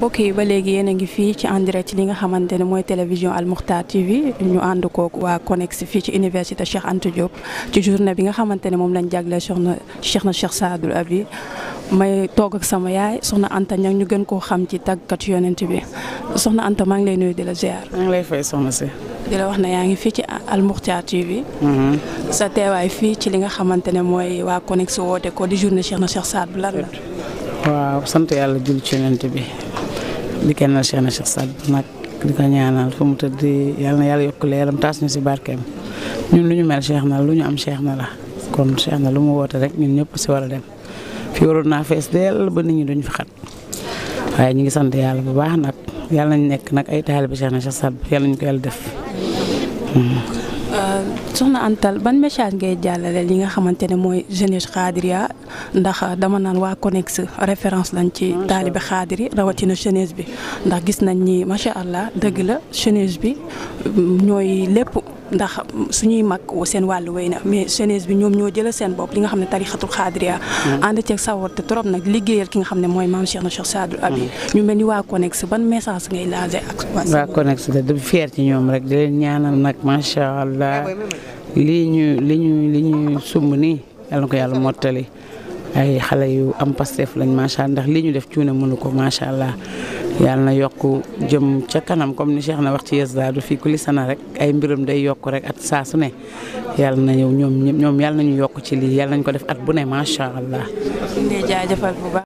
mbokk yi ba léegi yéen a ngi fii ci en ci li nga xamante ne mooy télévision Al Moukhtar TV ñu ànd kook waa CONEX fii ci université Cheikh Anta Diop ci journée bi nga xamante ne moom lañ jagleel soxna Cheikhna Cheikh Saadul Abi may toog ak sama yaay soxna Anta ñag ñu gën koo xam ci tàggat yonent bi soxna Anta maa ngi lay nuyu di la ziar. maa lay fay soxna si. di la wax na yaa ngi fii ci Al Moukhtar TV. Mm-hmm. sa teewaay fii ci li nga xamante ne mooy waa CONEX woote ko di journée Cheikhna na Saadul lan la. waaw sant yàlla jull ci yonent bi. di kennal Cheikh na Cheikh Saad Bou nag di ko ñaanal fu mu tëdd yal na yàlla yokk leeram taas ñu si barkeem ñun lu ñu mel Cheikh lu ñu am Cheikh na la kon Cheikh na lu mu woote rek ñun ñëpp si war a dem fi waroon naa fees dell ba nit ñi duñ fi xat waaye ñu ngi sant yàlla bu baax nag yàlla nañ nekk nag ay taalibe Cheikh na Cheikh Saad Bou yàlla nañ ko yàlla def. Hmm. Euh, soxna Antal ban message ngay jàllale yi nga xamante ne mooy jeunesse xaadiriya ndax euh, dama naan waa CONEX référence lañ ci taalibe xaadir yi rawatina jeunesse bi ndax gis nañ ñi macha allah dëgg la jeunesse bi euh, ñooy lépp. ndax suñuy mag seen wàllu wéy na mais jeunesse bi ñoom ñoo jëla seen bopp li nga xam ne tarixatul xaadiriya mm-hmm. ànd ceeg te trop nag liggéeyal ki nga xam ne mooy maam Cheikh na Cheikh Sadou Abi mm-hmm. ñu mel ni waa CONEX ban message ngay lancé ak waa CONEX de du fier ci ñoom rek ñaanal nag macha allah eh, lii ñu li ñu li ñu sumb nii yàlla ko yàlla mottali ay xale yu am pastef lañ macha allah ndax lii ñu def cuune mënu ko macha allah yàlla na yokk jëm ca kanam comme ni Cheikh na wax ci fi ku li sana rek ay mbiram day yokku rek at saa su ne yàlla na ñëw ñoom ñoom na ñu yokk ci lii yàlla nañ ko def at bu ne macha allah.